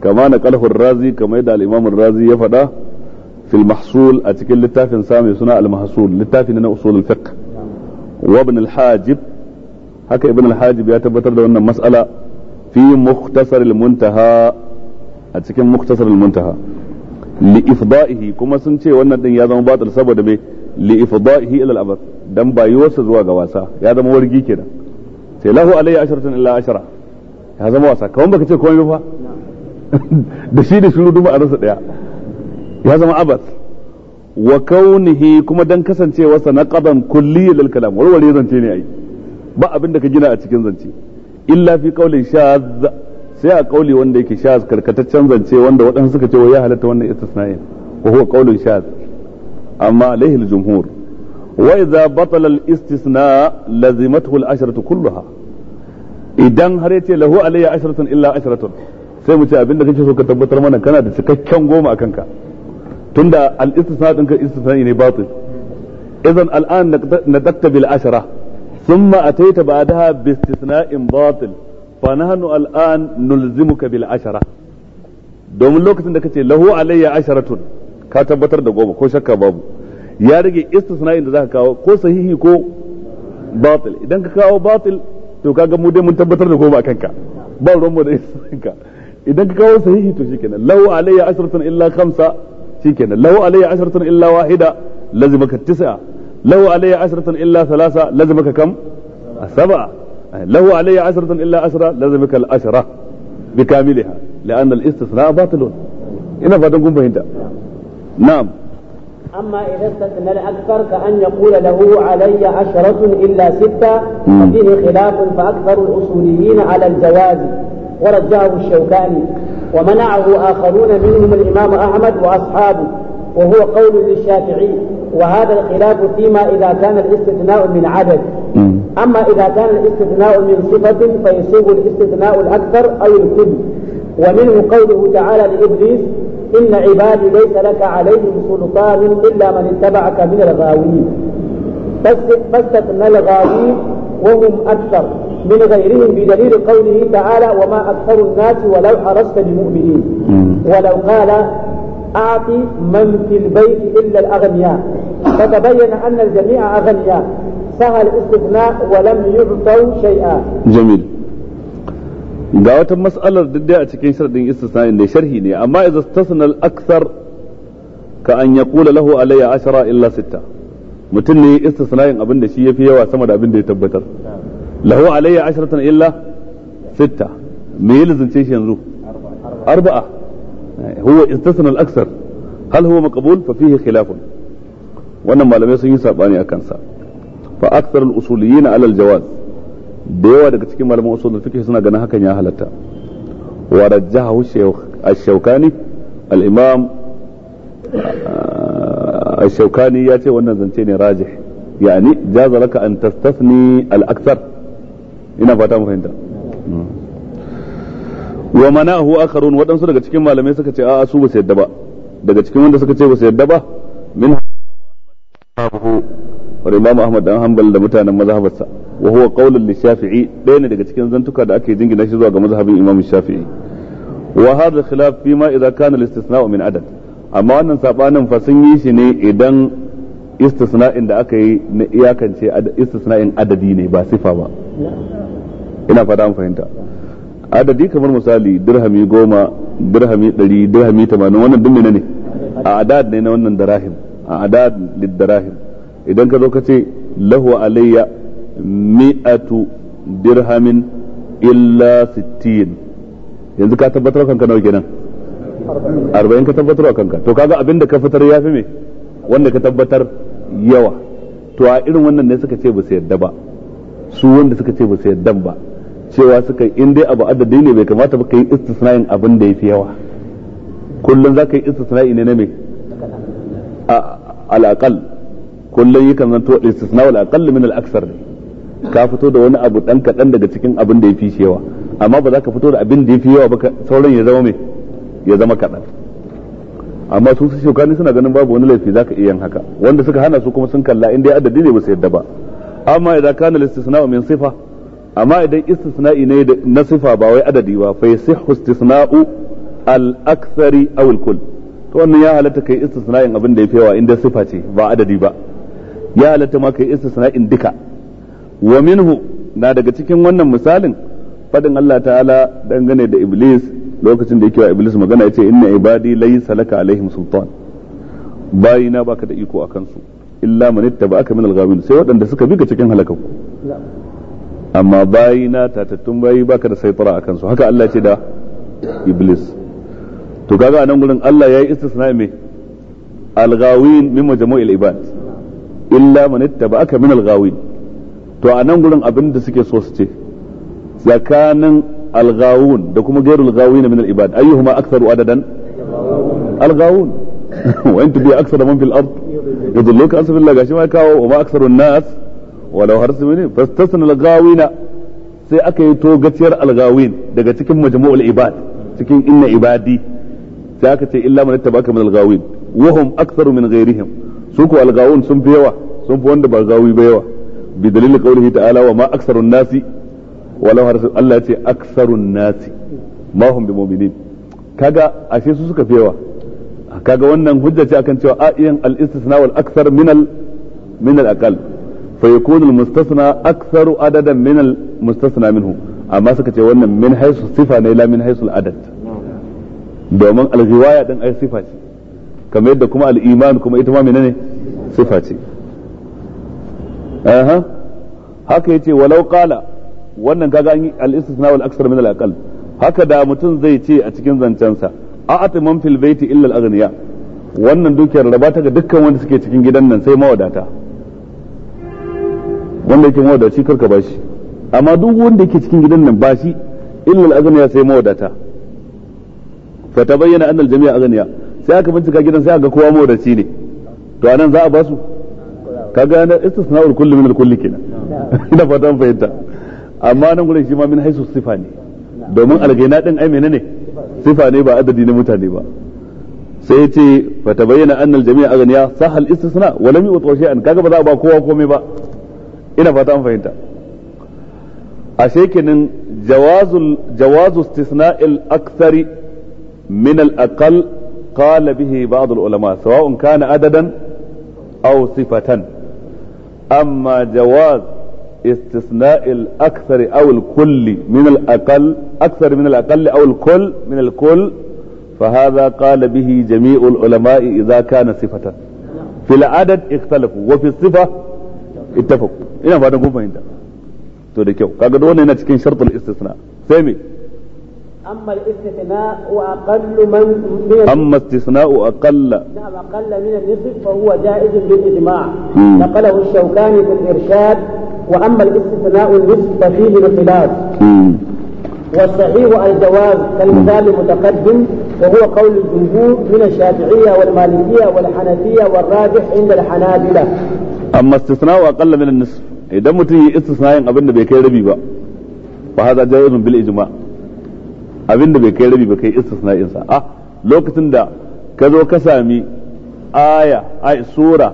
kama na qalhu razi kama da al imam razi ya faɗa fil a cikin littafin sa suna al mahsul littafin na usul al fiqh wa haka ibn al ya tabbatar da wannan mas'ala fi mukhtasar al a cikin mukhtasar al muntaha li ifdahi kuma sun ce wannan din ya zama batil saboda me li ifdahi ila al-abad dan bayuwarsa zuwa ga wasa ya zama wargi kenan sai lahu alayya asharatan illa ashara ya zama wasa kawan baka ce komai ba [laughs] da shi da shiru duba a rasa daya ya zama abad wa kaunihi kuma dan kasancewarsa na qadan kulli lil kalam warware zance ne ai ba abin da ka gina a cikin zance illa fi qawlin shadh sai a kauli wanda yake shaz karkataccen zance wanda waɗansu suka ce wa ya halatta wannan istisna'in wa huwa qaulun shaz amma alaihi al-jumhur wa idza batala al-istisna lazimathu al-ashratu kulluha idan har yace lahu alayya ashratun illa ashratun sai mu ce abinda kake so ka tabbatar mana kana da cikakken goma a kanka tunda al-istisna din ka istisna'i ne batil idan al'an nadakta bil ashra thumma ataita ba'daha bi istisna'in batil fa nahnu al'an nulzimuka bil ashara domin lokacin da kace lahu alayya asharatun ka tabbatar da goma ko shakka babu ya rage istisna'in da zaka kawo ko sahihi ko batil idan ka kawo batil to kaga mu dai mun tabbatar da goma akan ka ba ruwan mu da istisna'inka idan ka kawo sahihi to shikenan lahu alayya asharatun illa khamsa shikenan lahu alayya asharatun illa wahida lazimaka tis'a lahu alayya asharatun illa thalatha lazimaka kam asaba. له علي عشرة إلا عشرة لازمك العشرة بكاملها لأن الاستثناء باطل هنا فاتن كن بهندا نعم أما إذا استثنى الأكثر كأن يقول له علي عشرة إلا ستة ففيه خلاف فأكثر الأصوليين على الجواز ورجعه الشوكاني ومنعه آخرون منهم الإمام أحمد وأصحابه وهو قول للشافعي وهذا الخلاف فيما إذا كان الاستثناء من عدد أما إذا كان الاستثناء من صفة فيصيب الاستثناء الأكثر أو الكل ومنه قوله تعالى لإبليس إن عبادي ليس لك عليهم سلطان إلا من اتبعك من الغاوين فاستثنى الغاوين وهم أكثر من غيرهم بدليل قوله تعالى وما أكثر الناس ولو حرصت بمؤمنين ولو قال أعطي من في البيت إلا الأغنياء فتبين أن الجميع أغنياء انتهى الاستثناء ولم يعطوا شيئا جميل ga wata mas'alar duk a cikin sharadin istisna'in da sharhi ne amma idza istasna al-akthar ka an yaqula lahu alayya ashara illa sitta mutum ne istisna'in abin da shi yafi yawa sama da abin da ya tabbatar lahu alayya asharatan illa sitta me ya lazance shi yanzu arba'a huwa istasna al-akthar hal huwa maqbul fa fihi khilafun wannan malamai sun yi sabani akan sa fa aktsar al-usuliyyin ala al-jawaz da yawa daga cikin malaman usul fiqh suna ganin hakan ya halatta wa rajjahu ash-shawkani al-imam ah, ash-shawkani ya ce wannan zance ne rajih yani jaza laka an tastathni al-aktsar ina fata mu fahimta wa manahu akharun waɗansu daga cikin malamai suka ce a'a su ba su yadda ba daga cikin wanda suka ce ba su yadda ba min abu wa Imam Ahmad dan Hanbal da mutanen mazhabarsa wa huwa qaulul shafi'i ɗaya ne daga cikin zantuka da ake jingina shi zuwa ga mazhabin Imam Shafi'i wa hadha khilaf fi ma idza kana al-istisna'u min adad amma wannan sabanin fa sun yi shi ne idan istisna'in da aka yi na iyakance istisna'in adadi ne ba sifa ba ina fata mu fahimta adadi kamar misali dirhami goma dirhami ɗari dirhami tamanin wannan duk ne a adad ne na wannan darahim a adad lid darahim idan ka zo ka ce lahu alayya mi'atu dirhamin illa 60 yanzu ka tabbatar kanka nawa kenan arba'in ka tabbatar kanka to kaga abin da ka fitar ya fi me wanda ka tabbatar yawa to a irin wannan ne suka ce ba su yadda ba su wanda suka ce ba su yadda ba cewa suka in dai abu adadi ne bai kamata ba kai istisna'in abin da ya fi yawa kullum za ka yi istisna'i ne na me al'aqal kullum yakan zanto istisna wal aqall min al ne ka fito da wani abu dan kadan daga cikin abin da yafi shi yawa amma ba za ka fito da abin da yafi yawa ba sauran ya zama me ya zama kadan amma su shukani suna ganin babu wani laifi zaka iya yin haka wanda suka hana su kuma sun kalla in dai adadi ne ba su yadda ba amma idan kana istisna min sifa amma idan istisna'i ne na sifa ba wai adadi ba fa yasihhu istisna'u al akthari aw al kull to wannan ya halatta kai istisna'in abin da yafi yawa inda sifa ce ba adadi ba ya halatta ma kai istisna'in duka wa minhu na daga cikin wannan misalin fadin Allah ta'ala dangane da iblis lokacin da yake wa iblis magana yace inna ibadi laysa laka alaihim sultan bayina baka da iko akan su illa man ittaba'aka min al-ghamin sai waɗanda suka bi ka cikin halakakku amma bayina tatattun bayi baka da saitara akan su haka Allah ce da iblis to kaga anan gurin Allah yayi istisna me al-ghawin min majmu'il ibad illa man aka min al-ghawin to a nan gurin abin da suke so su ce tsakanin al-ghawun da kuma ghairul ghawin min al-ibad ayyuhuma aktharu adadan al-ghawun [laughs] wa anta bi aktharu man fil ard yudilluka an sabilillah gashi ma kawo wa ma aktharu an-nas walau harsimini fastasna al-ghawina sai aka yi to gaciyar al-ghawin daga cikin majmu'ul ibad cikin inna ibadi sai aka ce illa man aka min al-ghawin wa hum aktharu min ghairihim su ko algawun sun fi yawa sun fi wanda ba gawi ba yawa bi dalili qaulihi ta'ala wa ma aksarun nasi walau har Allah ya ce aksarun nasi ma hum bi mu'minin kaga ashe su suka fi yawa kaga wannan hujja ce akan cewa a'iyan al-istisna wal aksar min al min al aqal fa yakunu al mustasna aktharu adadan min al mustasna minhu amma suka ce wannan min haisu sifa ne la min haisu al adad domin al-riwaya din ai sifa ce kamar yadda kuma al'iman kuma ita ma menene sifa ce aha haka yace walau qala wannan kaga an al-istisna wal aksar min al-aqal haka da mutum zai ce a cikin zancensa a'ati man fil baiti illa al-aghniya wannan dukiyar raba ta ga dukkan wanda suke cikin gidan nan sai mawadata wanda yake mawadaci karka bashi amma duk wanda yake cikin gidan nan bashi illa al-aghniya sai mawadata fa tabayyana anna al-jami'a aghniya sai aka bincika gidan sai aka ga kowa mawadaci ne to anan za a basu kaga na istisna'ul kulli min al-kulli kenan [laughs] ina fatan fahimta amma nan gurin shi ma min haisu sifa ne domin algaina din ai menene sifa ne ba adadi na mutane ba sai yace fa tabayyana anna al-jami'a aghniya sahal istisna wa lam yu'ta shay'an kaga ba za a ba kowa komai ba ina fata an fahimta ashe kenan jawazul jawazu istisna'il akthari min al-aqall قال به بعض العلماء سواء كان عددا أو صفة أما جواز استثناء الأكثر أو الكل من الأقل أكثر من الأقل أو الكل من الكل فهذا قال به جميع العلماء إذا كان صفة في العدد اختلفوا وفي الصفة اتفقوا ina fatan kun fahimta to da kyau kaga wannan yana cikin shartul istisna sai me أما الاستثناء وأقل من, من أما استثناء أقل نعم أقل من النصف فهو جائز بالإجماع نقله الشوكاني في الإرشاد وأما الاستثناء النصف ففيه الخلاف والصحيح الجواز كالمثال المتقدم وهو قول الجمهور من الشافعية والمالكية والحنفية والراجح عند الحنابلة أما استثناء أقل من النصف إذا متي استثناء قبل بكير kai فهذا جائز بالإجماع abinda bai kai rabi ba kai istisna'insa a ah, lokacin da ka zo ka sami aya ai sura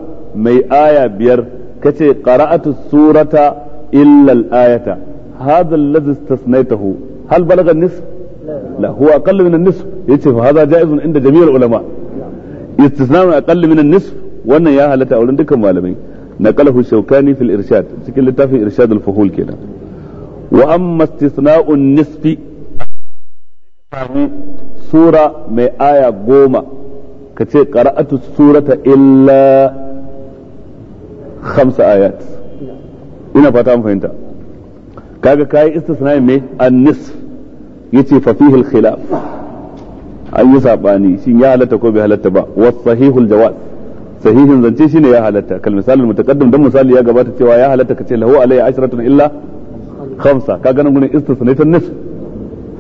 mai aya biyar kace qara'atu surata illa al-ayata hadha alladhi istasnaytahu hal balagha nisf la huwa aqallu min an-nisf yace fa hadha ja'izun inda jami'ul ulama istisna'un aqallu min an-nisf wannan ya halatta a wurin dukkan malamai نقله الشوكاني في الإرشاد سكن لتافي إرشاد الفهول كده وأما استثناء nisfi. samu sura mai aya goma ka ce ƙara'atu surata illa khamsa ayat ina fata mu fahimta kaga kayi istisna mai an-nisf yace fa fihi al-khilaf an yi sabani shin ya halatta ko bai halatta ba was sahihul jawaz sahihin zance shine ya halatta kal misal mutaqaddim dan misali ya gabata cewa ya halatta kace lahu alayhi asharatun illa khamsa kaga nan gurin istisna ta nis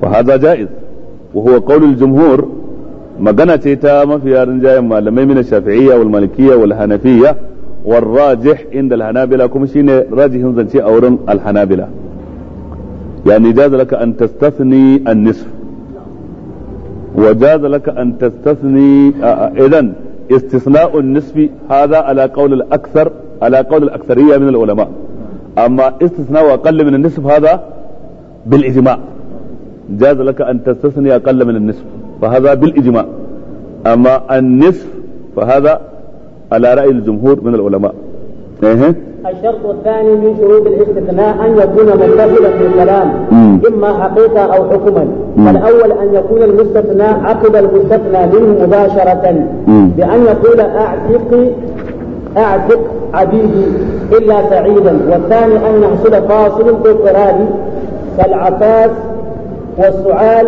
fa hadha jaiz وهو قول الجمهور ما قنات ما في أرنجا المعلمين من الشافعية والمالكية والهنفية والراجح عند الحنابلة كم شين راجح انزل شيء أورن الحنابلة يعني جاز لك أن تستثني النصف وجاز لك أن تستثني آه، آه، اذا استثناء النصف هذا على قول الأكثر على قول الأكثرية من العلماء أما استثناء أقل من النصف هذا بالإجماع جاز لك أن تستثني أقل من النصف فهذا بالإجماع أما النصف فهذا على رأي الجمهور من العلماء إيه. الشرط الثاني من شروط الاستثناء أن يكون متصلا بالكلام إما حقيقة أو حكما الأول أن يكون المستثنى عقب المستثنى منه مباشرة بأن يقول أعتق أعتق عبيدي إلا سعيدا والثاني أن يحصل فاصل اضطراري كالعفاف والسعال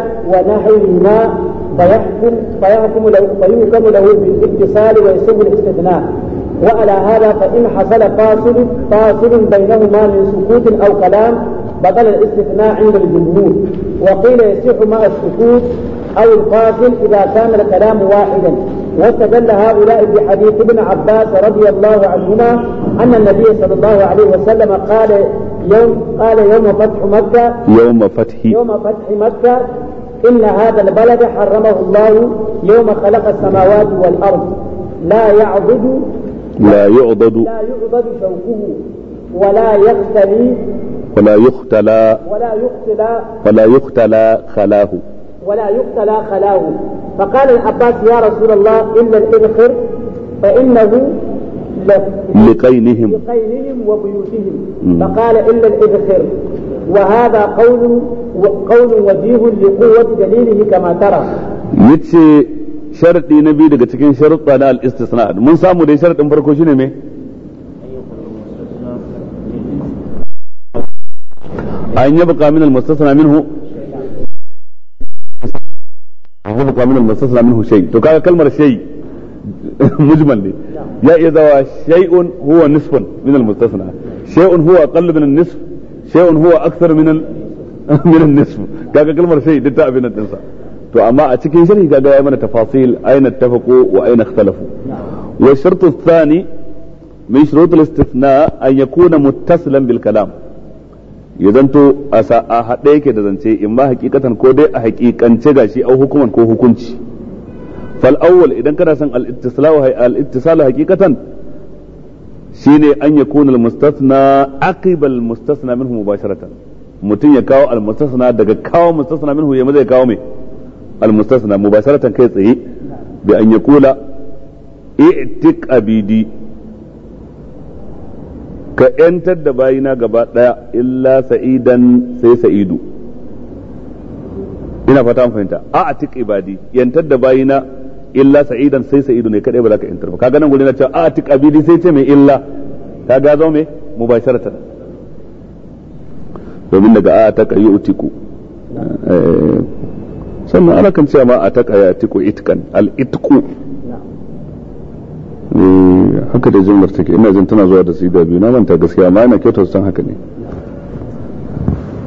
الماء فيحكم فيحكم له فيحكم له بالاتصال ويسمى الاستثناء وعلى هذا فإن حصل فاصل فاصل بينهما من سكوت أو كلام بطل الاستثناء عند الجمهور وقيل يصح مع السكوت أو الفاصل إذا كان الكلام واحدا واستدل هؤلاء بحديث ابن عباس رضي الله عنهما أن النبي صلى الله عليه وسلم قال يوم قال يوم فتح مكة يوم فتح يوم فتح مكة إن هذا البلد حرمه الله يوم خلق السماوات والأرض لا يعضد لا يعضد لا يعضد شوكه ولا يختلي ولا يختلى ولا يختلى ولا يختلى خلاه ولا يقتلى خلاه فقال العباس يا رسول الله إلا الإذخر فإنه لقينهم لقينهم وبيوتهم فقال إلا الإذخر وهذا قول قول وجيه لقوة دليله كما ترى يتشي شرطي نبي دقا تكين شرط sharuɗa na من سامو دي شرط dai sharadin farko shine me an yabqa min al-mustasna minhu يخلق من المستصنع منه شيء تو كاغا كلمه شيء [laughs] مجمل لي يا اذا شيء هو نصف من المستثنى شيء هو اقل من النصف شيء هو اكثر من ال... [laughs] من النصف كاغا كلمه شيء دتا ابن الدنسا تو اما ا cikin shiri kaga yayi mana tafasil aina tafaqu wa aina الثاني من شروط الاستثناء ان يكون متصلا بالكلام ya zanto a sa'a haɗe yake da zance in ma hakikatan ko dai a hakikance gashi au hukuman ko hukunci fal awwal idan kana son al ittisalu hakikatan shine an kuna al mustasna aqiba al mustasna minhu mubasharatan mutum ya kawo al mustasna daga kawo mustasna minhu ya maza ya kawo mai al mustasna mubasharatan kai tsaye bi an kula i'tiq abidi ka ‘yantar da bayina gaba ɗaya illa sa'idan sai sa'idu ina fata an fahimta a a tik ibadi ‘yantar da bayina illa sa'idan sai sa'idu ne kaɗai ba za ka ‘yantar ba ka ganin gudu na cewa a a tik abidi sai ce mai illa ka ga zo mai mu mubasharatan domin daga a ta kayi utiku eh, eh, eh. sannan ana kan cewa ma a ta kayi atiku itkan al itku Eh, haka da jumlar take ina jin tana zuwa da sida biyu na manta gaskiya amma ina kyautar san haka ne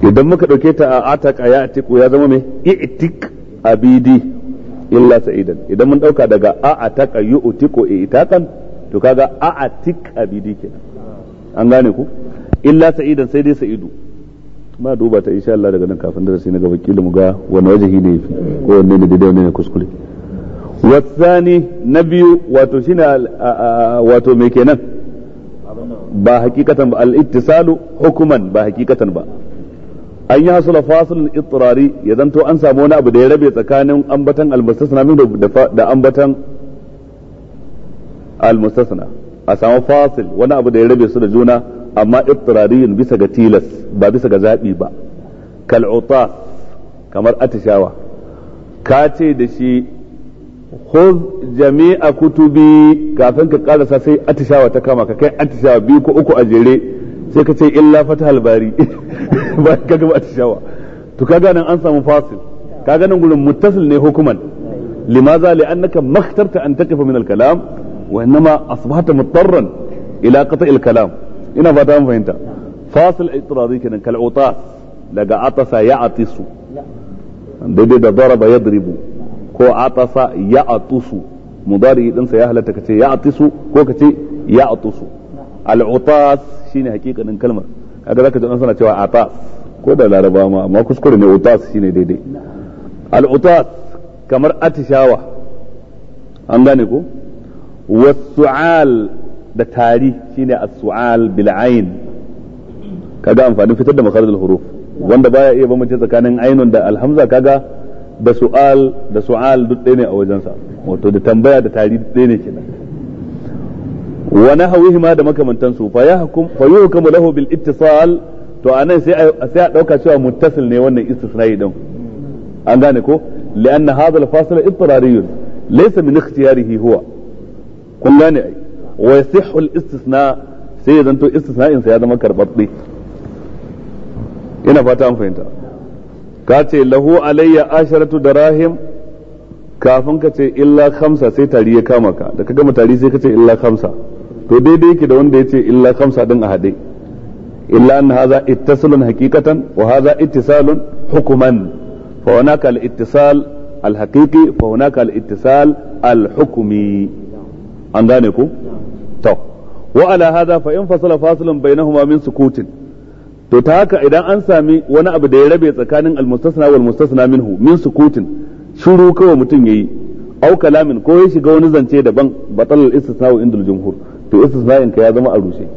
idan muka dauke ta a atak a ya'tiku ya zama me i'tik abidi illa sa'idan idan mun dauka daga a ataka yu'tiku i'takan to kaga a atik abidi kenan an gane ku illa sa'idan sai dai sa'idu ma duba ta insha Allah daga nan kafin darasi na gaba kila mu ga wani wajahi ne yafi ko wanne ne daidai wanne ne kuskure wasani na biyu wato shine wato me kenan ba hakikatan ba al hukuman ba hakikatan ba an yi hasula fasilin itirari ya zanto an samu wani abu da ya rabe tsakanin ambatan almustasna a samu fasil wani abu da ya rabe su da juna amma itirariyun bisa ga tilas ba bisa ga zaɓi ba kal'uta kamar atishawa kace dashi. khuz jami'a kutubi kafin ka karasa sai atishawa ta kama ka atishawa biyu ko uku a jere sai ka ce illa fatahal bari [laughs] ba ka gaba atishawa to kaga nan an samu fasil kaga nan gurin muttasil ne hukuman limaza li annaka makhtarta an taqifa min mutarran ila qata'il ina fata fahimta fasil itirazi kenan kal utas daga atasa ya atisu daidai da daraba yadribu ko atasa ya atusu mudari din sa ya halatta kace ya atisu ko kace ya atusu al-utas shine hakikanin kalmar kaga zaka ji an sana cewa atas ko da laraba ma amma kuskure ne utas shine daidai al-utas kamar atishawa an gane ko wasu'al da tari shine as-su'al bil ayn kaga amfani fitar da makarajul huruf wanda baya iya bambance tsakanin ainun da alhamza kaga da su'al da su'al duk ɗaya ne a wajensa wato da tambaya da tari duk ɗaya ne kenan wa nahawihi ma da makamantan su fa yahkum fa yuhkamu lahu bil ittisal to anan sai a sai a dauka cewa muttasil ne wannan istisnai din an gane ko li'anna hadha al fasil ittirariyun laysa min ikhtiyarihi huwa kun gane ai wa yasihhu al istisna sai ya zanto istisna'in sa ya zama karbabbe ina fata an fahimta ka ce lahu alayya asharatu darahim kafin ka ce illa khamsa sai tari ya kama ka da ka gama tari sai ka ce illa khamsa to daidai yake da wanda ya ce illa khamsa din a haɗe illa an haza ittasalun hakikatan wa haza ittisalun hukuman fa hunaka al ittisal al haqiqi fa hunaka al ittisal al hukmi an gane ku to wa ala hadha fa in fasala fasilun bainahuma min sukutin to ta haka idan an sami wani abu da ya rabe tsakanin almustasna wal mustasna minhu min sukutin shuru kawai mutum yayi au kalamin ko ya shiga wani zance daban batal istisna wa indul jumhur to in ka ya zama a rushe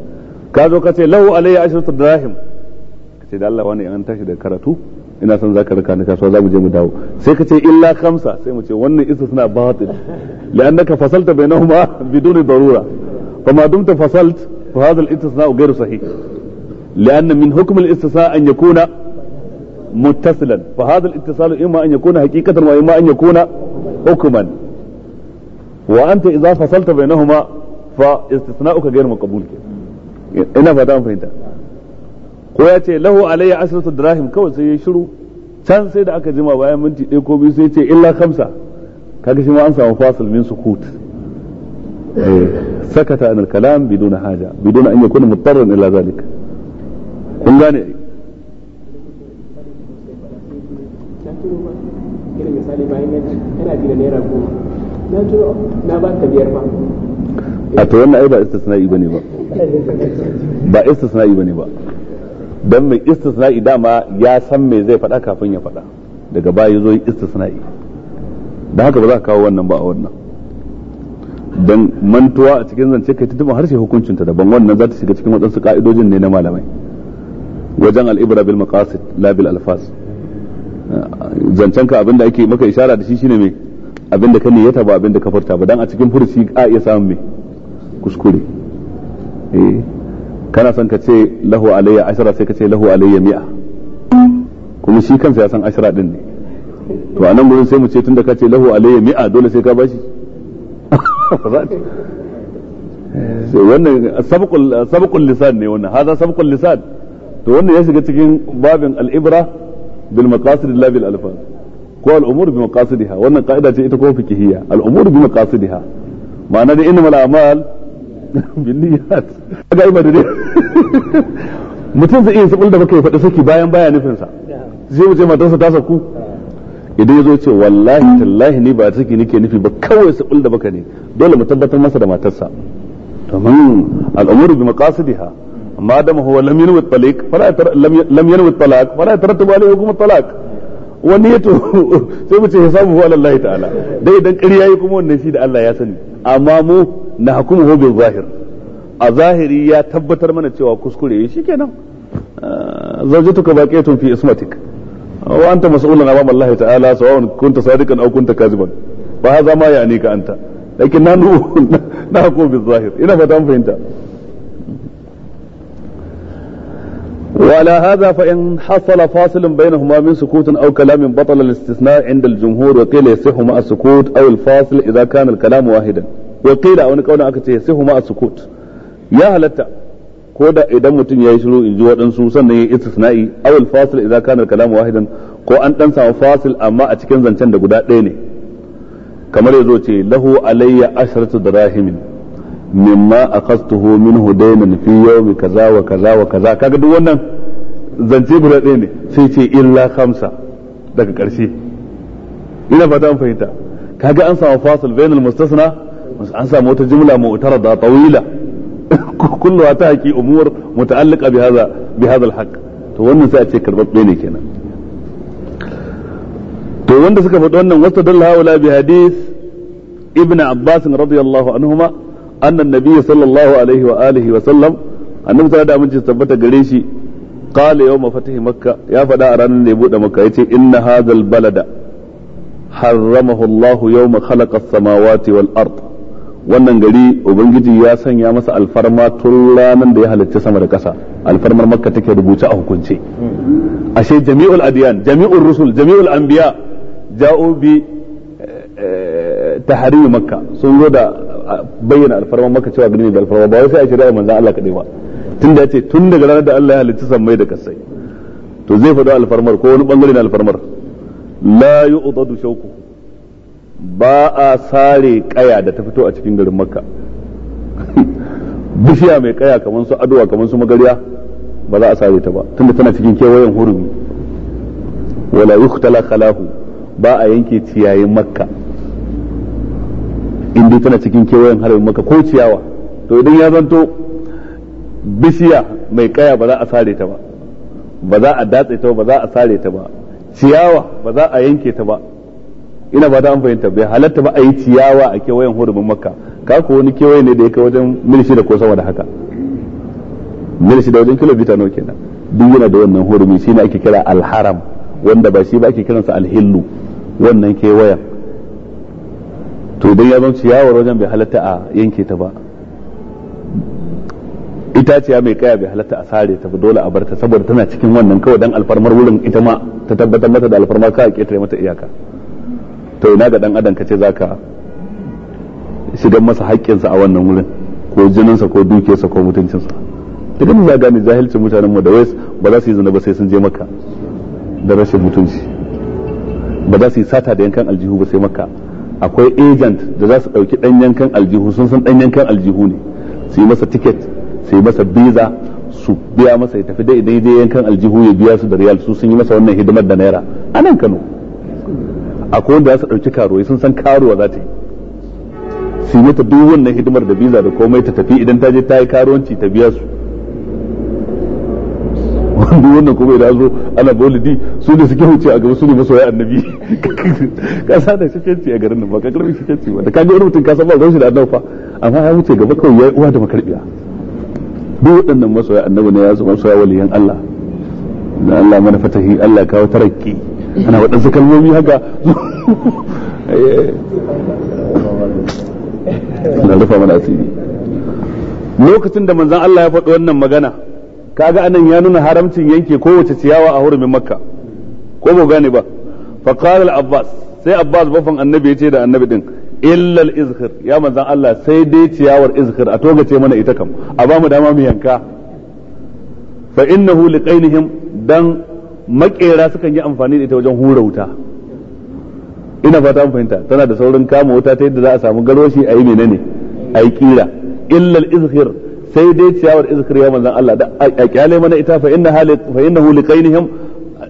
ka zo ka ce lahu alayya ashratu dirahim ka ce da Allah wani an tashi da karatu ina son zaka raka ni kasuwa zamu je mu dawo sai ka ce illa khamsa sai mu ce wannan istisna batil li'annaka fasalta bainahuma biduni darura kuma dumta fasalt fa hadha al-istisna ghayru sahih لأن من حكم الاستثناء أن يكون متصلا فهذا الاتصال إما أن يكون حقيقة وإما أن يكون حكما وأنت إذا فصلت بينهما فاستثناؤك غير مقبول ina fata fahimta ko ya ce lahu alayya asratu dirahim kawai sai ya shiru can sai da aka jima bayan minti ɗaya ko biyu sai ce illa khamsa kaga shi ma an samu fasil min sukut sakata an al-kalam biduna haja biduna an yakuna mutarran ila zalika kun gane a to wannan ai ba istisna'i bane ba ba istisna'i bane ba don mai istisna'i dama ya san me zai faɗa kafin ya faɗa daga baya zo istisna'i da haka ba za ka kawo wannan ba a wannan Don mantuwa a cikin zance kai tuntuban harshe hukuncinta daban wannan za ta shiga cikin waɗansu ka'idojin ne na malamai wajen al'ibra bil maqasid la bil alfas zancen ka abinda ake maka ishara da shi shine me abinda ka niyyata ba abinda ka furta ba dan a cikin furci a iya samun me kuskure eh kana son ka ce lahu alayya ashara sai ka ce lahu alayya mi'a kuma shi kansa ya san ashara din ne to a nan gurin sai mu ce tunda ka ce lahu alayya mi'a dole sai ka bashi eh. wannan sabqul sabqul lisan ne wannan haza sabqul lisan to wannan ya shiga cikin babin al'ibra bil maqasid la bil alfaz ko umur bi maqasidiha wannan qaida ce ita ko fiqhiyya umur bi maqasidiha ma'ana da al a'mal [laughs] bin niyyat ga ibada ne mutum zai iya sabul da baka faɗi saki bayan baya nufin sa zai wuce matarsa ta saku idan yazo ce wallahi tallahi ni ba saki nake nufi ba kawai sabul da baka ne dole mu tabbatar masa da matarsa al umur bi maqasidiha ما دام هو لم ينوي الطلاق فلا يتر... لم لم ينوي الطلاق فلا يترتب عليه حكم الطلاق ونيته sai mu ce hisabu ala Allah ta'ala dai idan ƙarya yayi kuma wannan shi da Allah ya sani amma mu na hukumu bil zahir a zahiri ya tabbatar mana cewa kuskure yi shikenan zawjatuka baqiyatun fi ismatik wa anta mas'ulun amama Allah ta'ala sawa'un kunta sadiqan aw kunta kaziban fa hadha ma ka anta lakin nanu na hukumu bil zahir ina fata mun fahimta وعلى هذا فإن حصل فاصل بينهما من سكوت أو كلام بطل الاستثناء عند الجمهور وقيل يصح مع السكوت أو الفاصل إذا كان الكلام واحدا وقيل أو نكون أكتر يصح مع السكوت يا هلتا كودا إذا متن يشلو إن جوا أن سوسن استثنائي أو الفاصل إذا كان الكلام واحدا ko an dan samu fasil amma a cikin zancen da guda ɗaya ne kamar ya zo ce lahu alayya asharatu darahimin mimma akhastuhu minhu daynan fi yawmi kaza wa kaza wa kaza kaga duk wannan zance guda ɗaya ne sai ce illa khamsa daga ƙarshe ina fata an fahimta kaga an samu fasil bainal mustasna an samu wata jumla mu'tara da tawila [laughs] kulluha ta haqi umur muta'alliqa bi hadha bi hadha al-haqq to wannan sai a ce kenan to wanda suka faɗi wannan wasta dalla haula bi hadith ibn abbas radiyallahu annan nabiyyu sallallahu alaihi wa alihi wa sallam annabi sallallahu alaihi wa sallam tabbata gare shi qala yawma fatihi makka ya fada a ranar da ya buɗe makka yace inna hadzal balada harramahu Allah yawma khalaqa as-samawati wal ard wannan gari ubangiji ya sanya masa alfarma tun da ya halarci sama da ƙasa alfarmar makka take rubuce a hukunce ashe jami'ul adiyan jami'ul rusul jami'ul anbiya ja'u bi tahrim makka sun zo da bayyana alfarma maka cewa gari ne da alfarma ba wai sai a shari'a manzo Allah kadai ba tunda ya ce tun daga ranar da Allah ya halitta sammai da kasai to zai faɗo alfarmar ko wani bangare na alfarmar la yu'dadu shauku ba a sare kaya da ta fito a cikin garin makka [laughs] bishiya mai kaya kamar su adowa kamar su magariya ba za a sare ta ba tunda tana cikin kewayen hurumi wala yuktala khalahu ba a yanke ciyayin makka in dai tana cikin kewayen harin maka ko ciyawa to idan ya zanto bishiya mai kaya ba za a sare ta ba ba za a datse ta ba ba za a sare ta ba ciyawa ba za a yanke ta ba ina ba ta an fahimta bai halatta ba a yi ciyawa a kewayen hurumin makka ka ko wani kewaye ne da ya kai wajen mil shida ko sama da haka mil shida wajen kilomita nawa kenan duk yana da wannan hurumi shine ake kira alharam wanda ba shi ba ake kiransa alhillu wannan kewayen to dai ya zama ciyawar wajen bai halatta a yanke ta ba itaciya mai kaya bai halatta a sare ta dole a barta saboda tana cikin wannan kawai dan alfarmar wurin ita ma ta tabbatar mata da alfarmar ka ake tare mata iyaka to ina ga dan adam kace zaka shigar masa haƙƙinsa a wannan wurin ko jininsa ko dukiyarsa ko mutuncinsa duk mun ya gane jahilcin mutanen mu da wai ba za su yi zina ba sai sun je maka da rashin mutunci ba za su yi sata da yankan aljihu ba sai maka akwai agent da za su ɗauki ɗan yankan aljihu sun san ɗan yankan aljihu ne su yi masa ticket su yi masa visa su biya masa ya tafi dai yankan aljihu ya biya su da riyal su sun yi masa wannan hidimar da naira a nan kano akwai wanda za su ɗauki karuwa sun san karuwa za ta yi su yi mata duk wannan hidimar da visa da komai ta tafi idan ta je ta yi karuwanci ta biya su duk wannan kuma idan zo ana bolidi su ne suke huce a gaba su ne masoya annabi [laughs] ka sa da shikenci a garin nan ba ka karbi shikenci ba da ka ga wani mutum ka san ba gaushi da annabi fa amma ya wuce gaba kawai ya uwa da makarbiya duk waɗannan masoya annabi ne ya zama masoya waliyan Allah da Allah mana fatahi Allah kawo tarakki ana waɗansu kalmomi haka [laughs] na rufa mana asiri lokacin da manzon Allah ya faɗi wannan magana kaga anan ya nuna haramcin yanke kowace ciyawa a hurumin makka ko ba gane ba fa qala abbas sai abbas bafan annabi ya ce da annabi din illa al izhir ya manzan Allah sai dai ciyawar izhir a togace mana ita kam a ba mu dama mu yanka fa innahu liqainihim dan makera sukan yi amfani da ita wajen hura wuta ina fata an fahimta tana da saurin kama wuta ta yadda za a samu garoshi a yi menene a yi kira illa al izhir sai dai ciyawar izkir ya manzan Allah da a kyale mana ita fa inna halik fa innahu liqainihim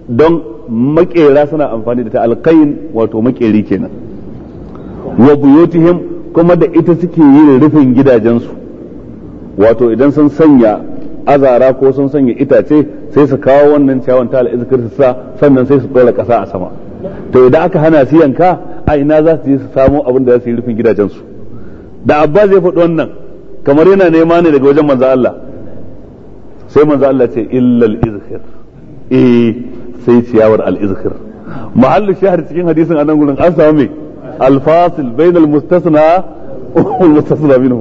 don makera suna amfani da ta alqain wato makeri kenan wa buyutihim kuma da ita suke yin rufin gidajensu wato idan sun sanya azara ko sun sanya itace sai su kawo wannan ciyawan ta al'izkir su sa sannan sai su tsora kasa a sama to idan aka hana su yanka a ina za su je su samo abin da za su yi rufin gidajensu da abba zai faɗi wannan kamar yana nema ne daga wajen manzo Allah sai manzo Allah ce illal izhir eh sai ciyawar al izhir mahallu shahar cikin hadisin anan gurin an samu me al fasil bainal mustasna wal mustasna minhu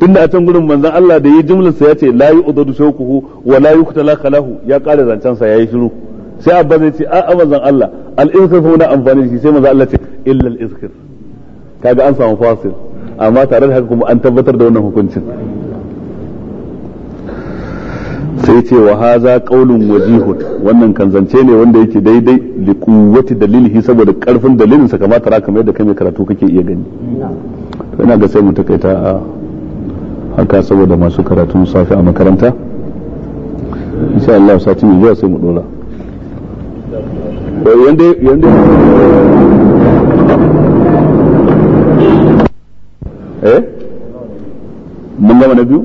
tunda a can gurin manzon Allah da yi jumlar sa yace la yu'dadu shawquhu wa la yuqtala khalahu ya kare zancan sa yayi shiru sai abba zai ce a a manzon Allah al izhir fa wani amfani shi sai manzo Allah ce illal izhir kaga an samu fasil amma tare da haka kuma an tabbatar da wannan hukuncin sai ce wa haza qaulun wajihun wannan kan zance ne wanda yake daidai li kuwwati dalilihi saboda karfin dalilin sa kamata ra kamar yadda kai mai karatu kake iya gani to ina ga sai mu takaita a haka saboda masu karatun safi a makaranta insha Allah sati mu zuwa sai mu dora yanda yanda eh mun gama na biyu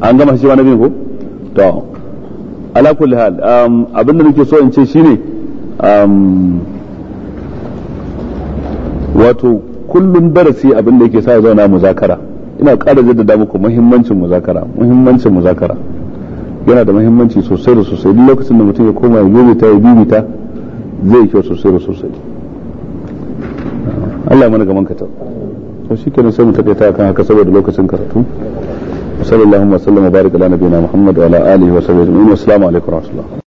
an gama shi ma na biyu ko to ala kulli hal um, abin da nake so in ce shine um, wato kullum darasi abin da yake sa zauna muzakara ina ƙara jaddada muku muhimmancin muzakara muhimmancin muzakara yana da muhimmanci sosai da sosai duk lokacin da mutum ya koma ya gobe ta ya bibita zai kyau sosai da sosai Allah mana gaman ka ta to shikenan sai mu takaita kan haka saboda lokacin karatu sallallahu alaihi wa sallam wa baraka ala nabiyina muhammad wa ala alihi wa sahbihi wa sallam alaikum wa rahmatullah